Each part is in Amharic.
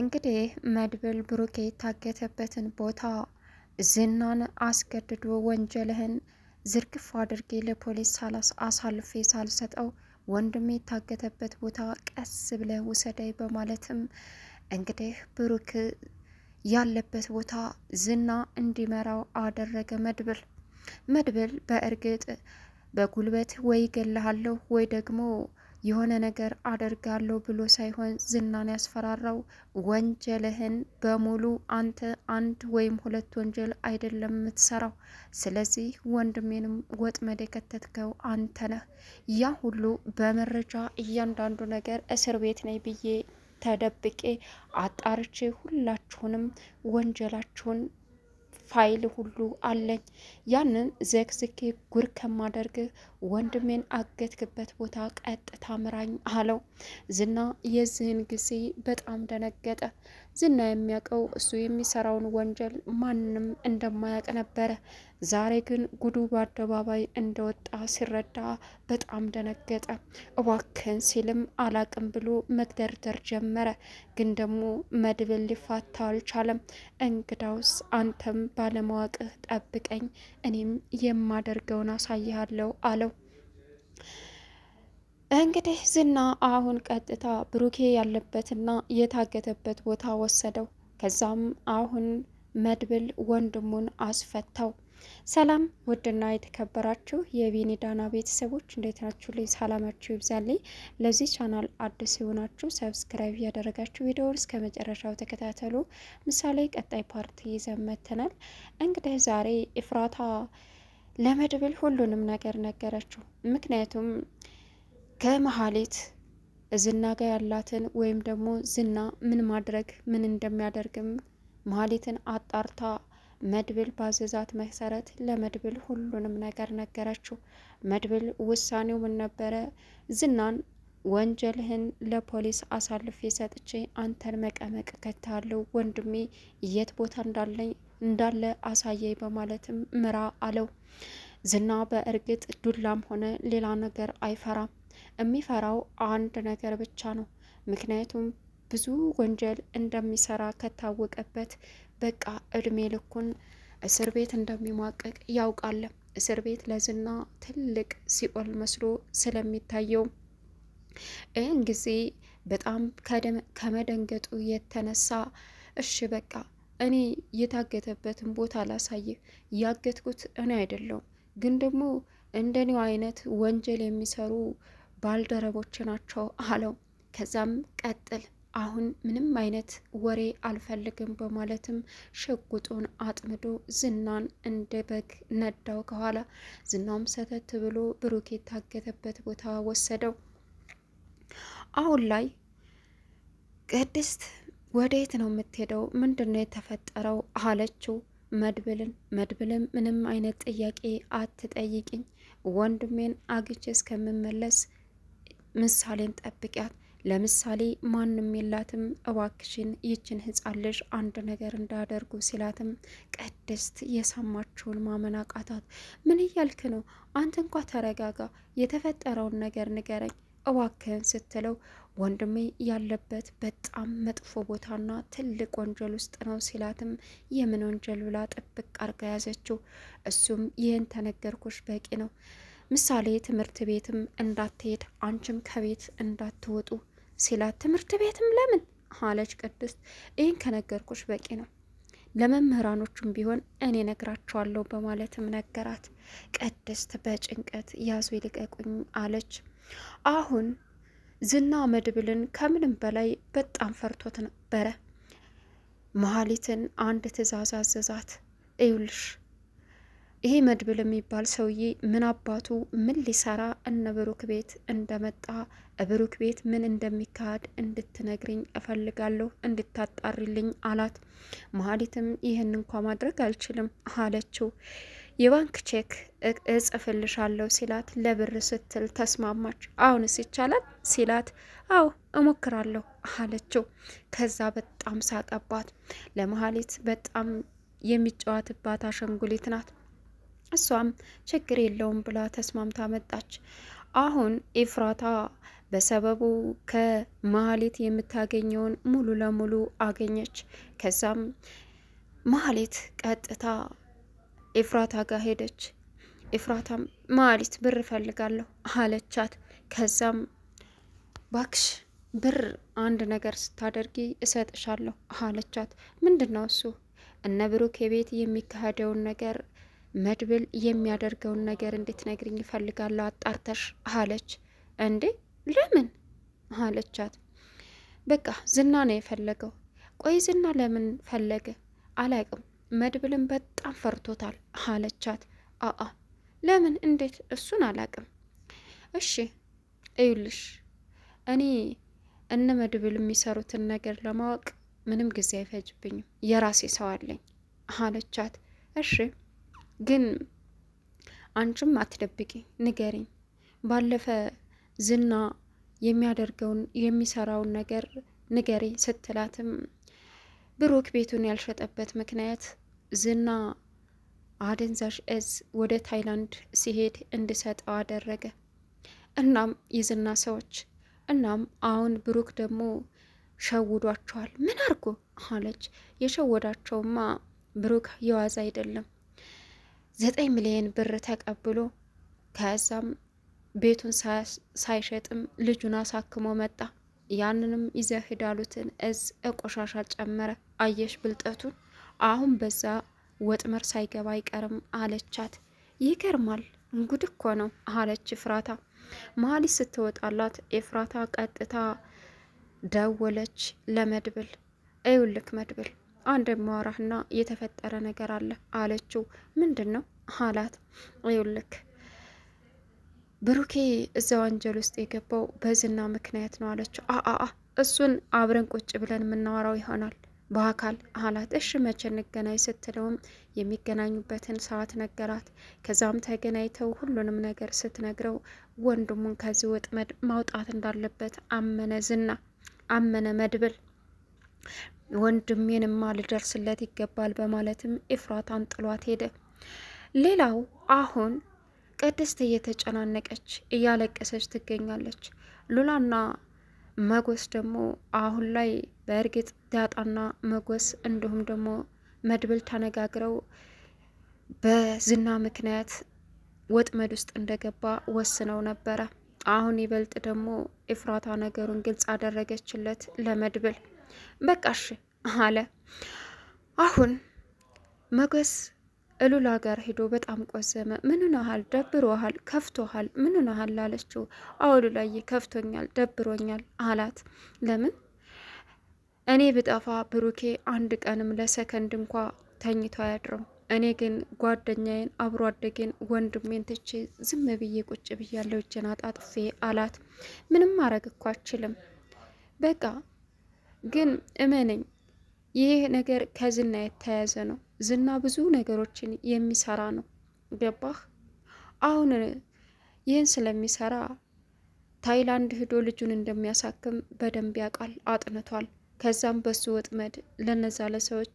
እንግዲህ መድብል ብሩኬ የታገተበትን ቦታ ዝናን አስገድዶ ወንጀልህን ዝርግፍ አድርጌ ለፖሊስ አሳልፌ ሳልሰጠው ወንድሜ የታገተበት ቦታ ቀስ ብለህ ውሰደኝ በማለትም እንግዲህ ብሩክ ያለበት ቦታ ዝና እንዲመራው አደረገ መድብል። መድብል በእርግጥ በጉልበት ወይ ገለሃለሁ ወይ ደግሞ የሆነ ነገር አደርጋለሁ ብሎ ሳይሆን ዝናን ያስፈራራው ወንጀልህን በሙሉ አንተ አንድ ወይም ሁለት ወንጀል አይደለም የምትሰራው። ስለዚህ ወንድሜንም ወጥመድ የከተትከው አንተ ነህ። ያ ሁሉ በመረጃ እያንዳንዱ ነገር እስር ቤት ነኝ ብዬ ተደብቄ አጣርቼ ሁላችሁንም ወንጀላችሁን ፋይል ሁሉ አለኝ። ያንን ዘግዝኬ ጉር ከማደርግህ ወንድሜን አገትክበት ቦታ ቀጥታ ምራኝ አለው። ዝና የዚህን ጊዜ በጣም ደነገጠ። ዝና የሚያውቀው እሱ የሚሰራውን ወንጀል ማንም እንደማያውቅ ነበረ። ዛሬ ግን ጉዱ በአደባባይ እንደወጣ ሲረዳ በጣም ደነገጠ። እባክህን ሲልም አላቅም ብሎ መግደርደር ጀመረ። ግን ደግሞ መድብል ሊፋታ አልቻለም። እንግዳውስ አንተም ባለማወቅህ ጠብቀኝ፣ እኔም የማደርገውን አሳይሃለሁ አለው። እንግዲህ ዝና አሁን ቀጥታ ብሩኬ ያለበትና የታገተበት ቦታ ወሰደው። ከዛም አሁን መድብል ወንድሙን አስፈታው። ሰላም ውድና የተከበራችሁ የቢኒ ዳና ቤተሰቦች እንዴት ናችሁ? ልይ ሰላማችሁ ይብዛልኝ። ለዚህ ቻናል አዲስ የሆናችሁ ሰብስክራይብ ያደረጋችሁ ቪዲዮውን እስከ መጨረሻው ተከታተሉ። ምሳሌ ቀጣይ ፓርቲ ይዘን መጥተናል። እንግዲህ ዛሬ ኢፍራታ ለመድብል ሁሉንም ነገር ነገረችው። ምክንያቱም ከመሀሌት ዝና ጋር ያላትን ወይም ደግሞ ዝና ምን ማድረግ ምን እንደሚያደርግም መሀሌትን አጣርታ መድብል ባዘዛት መሰረት ለመድብል ሁሉንም ነገር ነገረችው። መድብል ውሳኔው ምን ነበረ? ዝናን ወንጀልህን ለፖሊስ አሳልፌ ሰጥቼ አንተን መቀመቅ ከታለው ወንድሜ የት ቦታ እንዳለኝ እንዳለ አሳየኝ በማለትም ምራ አለው። ዝና በእርግጥ ዱላም ሆነ ሌላ ነገር አይፈራም። የሚፈራው አንድ ነገር ብቻ ነው። ምክንያቱም ብዙ ወንጀል እንደሚሰራ ከታወቀበት በቃ እድሜ ልኩን እስር ቤት እንደሚሟቀቅ ያውቃል። እስር ቤት ለዝና ትልቅ ሲኦል መስሎ ስለሚታየው ይህን ጊዜ በጣም ከመደንገጡ የተነሳ እሺ በቃ እኔ የታገተበትን ቦታ ላሳየ፣ ያገትኩት እኔ አይደለው ግን ደግሞ እንደኔው አይነት ወንጀል የሚሰሩ ባልደረቦች ናቸው አለው። ከዛም ቀጥል አሁን ምንም አይነት ወሬ አልፈልግም በማለትም ሽጉጡን አጥምዶ ዝናን እንደ በግ ነዳው ከኋላ። ዝናውም ሰተት ብሎ ብሩክ የታገተበት ቦታ ወሰደው። አሁን ላይ ቅድስት ወዴት ነው የምትሄደው? ምንድን ነው የተፈጠረው? አለችው መድብልን። መድብልም ምንም አይነት ጥያቄ አትጠይቅኝ፣ ወንድሜን አግቼ እስከምመለስ ምሳሌን ጠብቂያት፣ ለምሳሌ ማንም የላትም፣ እባክሽን ይችን ሕፃን ልጅ አንድ ነገር እንዳደርጉ ሲላትም ቅድስት የሰማችውን ማመን አቃታት። ምን እያልክ ነው? አንተ እንኳ ተረጋጋ፣ የተፈጠረውን ነገር ንገረኝ እባክህን ስትለው ወንድሜ ያለበት በጣም መጥፎ ቦታና ትልቅ ወንጀል ውስጥ ነው ሲላትም የምን ወንጀል ብላ ጥብቅ አርጋ ያዘችው። እሱም ይህን ተነገርኩሽ በቂ ነው። ምሳሌ ትምህርት ቤትም እንዳትሄድ አንቺም ከቤት እንዳትወጡ ሲላት፣ ትምህርት ቤትም ለምን አለች ቅድስት። ይህን ከነገርኩሽ በቂ ነው ለመምህራኖቹም ቢሆን እኔ ነግራቸዋለሁ በማለትም ነገራት። ቅድስት በጭንቀት ያዙ ይልቀቁኝ አለች። አሁን ዝና መድብልን ከምንም በላይ በጣም ፈርቶት ነበረ። መሀሊትን አንድ ትዕዛዝ አዘዛት። እዩልሽ ይሄ መድብል የሚባል ሰውዬ ምን አባቱ ምን ሊሰራ እነ ብሩክ ቤት እንደመጣ ብሩክ ቤት ምን እንደሚካሄድ እንድትነግርኝ እፈልጋለሁ፣ እንድታጣሪልኝ አላት። መሀሊትም ይህን እንኳ ማድረግ አልችልም አለችው። የባንክ ቼክ እጽፍልሻለሁ ሲላት ለብር ስትል ተስማማች። አሁንስ ይቻላል ሲላት አዎ እሞክራለሁ አለችው። ከዛ በጣም ሳቀባት። ለመሀሊት በጣም የሚጫወትባት አሻንጉሊት ናት። እሷም ችግር የለውም ብላ ተስማምታ መጣች። አሁን ኢፍራታ በሰበቡ ከመሀሌት የምታገኘውን ሙሉ ለሙሉ አገኘች። ከዛም መሀሊት ቀጥታ ኤፍራታ ጋር ሄደች። ኤፍራታም ማሊት ብር እፈልጋለሁ አለቻት። ከዛም ባክሽ ብር አንድ ነገር ስታደርጊ እሰጥሻለሁ አለቻት። ምንድን ነው እሱ? እነ ብሩክ ቤት የሚካሄደውን ነገር መድብል የሚያደርገውን ነገር እንዴት ነግሪኝ እፈልጋለሁ አጣርተሽ አለች። እንዴ ለምን አለቻት። በቃ ዝና ነው የፈለገው። ቆይ ዝና ለምን ፈለገ አላቅም መድብልን በጣም ፈርቶታል አለቻት። አአ ለምን? እንዴት? እሱን አላቅም። እሺ እዩልሽ፣ እኔ እነ መድብል የሚሰሩትን ነገር ለማወቅ ምንም ጊዜ አይፈጅብኝም፣ የራሴ ሰው አለኝ አለቻት። እሺ ግን አንቺም አትደብቂ፣ ንገሪኝ። ባለፈ ዝና የሚያደርገውን የሚሰራውን ነገር ንገሬ ስትላትም ብሩክ ቤቱን ያልሸጠበት ምክንያት ዝና አደንዛዥ እጽ ወደ ታይላንድ ሲሄድ እንዲሰጠው አደረገ። እናም የዝና ሰዎች እናም አሁን ብሩክ ደግሞ ሸውዷቸዋል። ምን አድርጎ አለች። የሸወዳቸውማ ብሩክ የዋዛ አይደለም። ዘጠኝ ሚሊዮን ብር ተቀብሎ ከዛም ቤቱን ሳይሸጥም ልጁን አሳክሞ መጣ። ያንንም ይዘህ ሂድ አሉትን። እዝ እቆሻሻ ጨመረ። አየሽ ብልጠቱን አሁን በዛ ወጥመር ሳይገባ አይቀርም አለቻት። ይገርማል እንጉድ እኮ ነው አለች ፍራታ መሀሊት ስትወጣላት የፍራታ ቀጥታ ደወለች ለመድብል። እዩልክ መድብል አንድ የማወራህና የተፈጠረ ነገር አለ አለችው። ምንድን ነው አላት። እዩልክ ብሩኬ እዚያ ወንጀል ውስጥ የገባው በዝና ምክንያት ነው አለችው። አአ እሱን አብረን ቁጭ ብለን የምናወራው ይሆናል በአካል አላት። እሺ መቼ እንገናኝ ስትለውም የሚገናኙበትን ሰዓት ነገራት። ከዛም ተገናኝተው ሁሉንም ነገር ስትነግረው ወንድሙን ከዚህ ወጥመድ ማውጣት እንዳለበት አመነ። ዝና አመነ መድብል ወንድሜንማ ልደርስለት ይገባል በማለትም ኤፍራታን ጥሏት ሄደ። ሌላው አሁን ቅድስት እየተጨናነቀች እያለቀሰች ትገኛለች። ሉላና መጎስ ደግሞ አሁን ላይ በእርግጥ ዳጣና መጎስ እንዲሁም ደግሞ መድብል ተነጋግረው በዝና ምክንያት ወጥመድ ውስጥ እንደገባ ወስነው ነበረ። አሁን ይበልጥ ደግሞ ኢፍራታ ነገሩን ግልጽ አደረገችለት ለመድብል። በቃሽ አለ አሁን መጎስ እሉላ ጋር ሄዶ በጣም ቆዘመ። ምንናሃል? ደብሮሃል? ከፍቶሃል? ምንናሃል? ላለችው አዎ ሉላዬ፣ ከፍቶኛል፣ ደብሮኛል አላት። ለምን እኔ ብጠፋ ብሩኬ አንድ ቀንም ለሰከንድ እንኳ ተኝቶ አያድርም። እኔ ግን ጓደኛዬን፣ አብሮ አደጌን፣ ወንድሜን ትቼ ዝም ብዬ ቁጭ ብያለሁ እጄን አጣጥፌ አላት። ምንም ማድረግ እኮ አችልም በቃ ግን እመነኝ ይህ ነገር ከዝና የተያያዘ ነው። ዝና ብዙ ነገሮችን የሚሰራ ነው። ገባህ? አሁን ይህን ስለሚሰራ ታይላንድ ሂዶ ልጁን እንደሚያሳክም በደንብ ያውቃል፣ አጥንቷል። ከዛም በሱ ወጥመድ ለነዛ ለሰዎች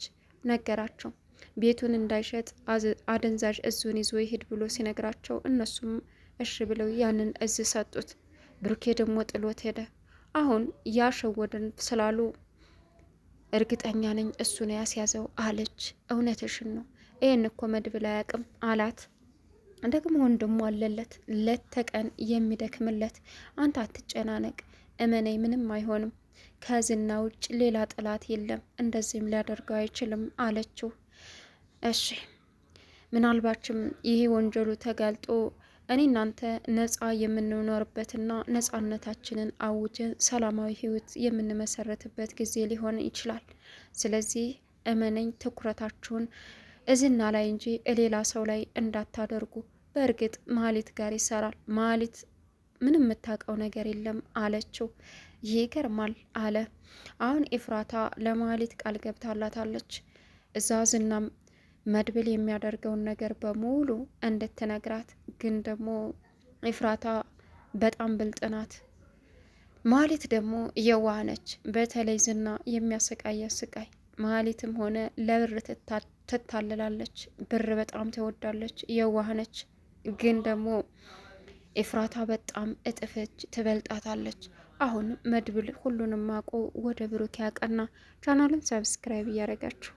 ነገራቸው። ቤቱን እንዳይሸጥ አደንዛዥ እዙን ይዞ ይሄድ ብሎ ሲነግራቸው እነሱም እሺ ብለው ያንን እዝ ሰጡት። ብሩኬ ደግሞ ጥሎት ሄደ። አሁን ያሸወደን ስላሉ እርግጠኛ ነኝ እሱ ነው ያስያዘው አለች። እውነትሽን ነው፣ ይህን እኮ መድብል አያውቅም አላት። ደግሞ ወንድሙ አለለት፣ ሌት ተቀን የሚደክምለት። አንተ አትጨናነቅ፣ እመነኝ፣ ምንም አይሆንም። ከዝና ውጭ ሌላ ጠላት የለም፣ እንደዚህም ሊያደርገው አይችልም አለችው። እሺ ምናልባችም ይሄ ወንጀሉ ተጋልጦ እኔ እናንተ ነፃ የምንኖርበትና ነፃነታችንን አውጀን ሰላማዊ ህይወት የምንመሰረትበት ጊዜ ሊሆን ይችላል። ስለዚህ እመነኝ፣ ትኩረታችሁን እዝና ላይ እንጂ ሌላ ሰው ላይ እንዳታደርጉ። በእርግጥ ማሊት ጋር ይሰራል። ማሊት ምንም የምታውቀው ነገር የለም አለችው። ይገርማል አለ። አሁን ኢፍራታ ለማሊት ቃል ገብታላታለች። እዛ ዝናም መድብል የሚያደርገውን ነገር በሙሉ እንድትነግራት ግን ደግሞ ኤፍራታ በጣም ብልጥ ናት። ደግሞ የዋህ ነች። በተለይ ዝና የሚያሰቃያት ስቃይ ማሊትም ሆነ ለብር ትታልላለች። ብር በጣም ትወዳለች፣ የዋህ ነች። ግን ደግሞ ኢፍራታ በጣም እጥፍች ትበልጣታለች። አሁን መድብል ሁሉንም አውቆ ወደ ብሩክ ያቀና። ቻናሉን ሰብስክራይብ እያደረጋችሁ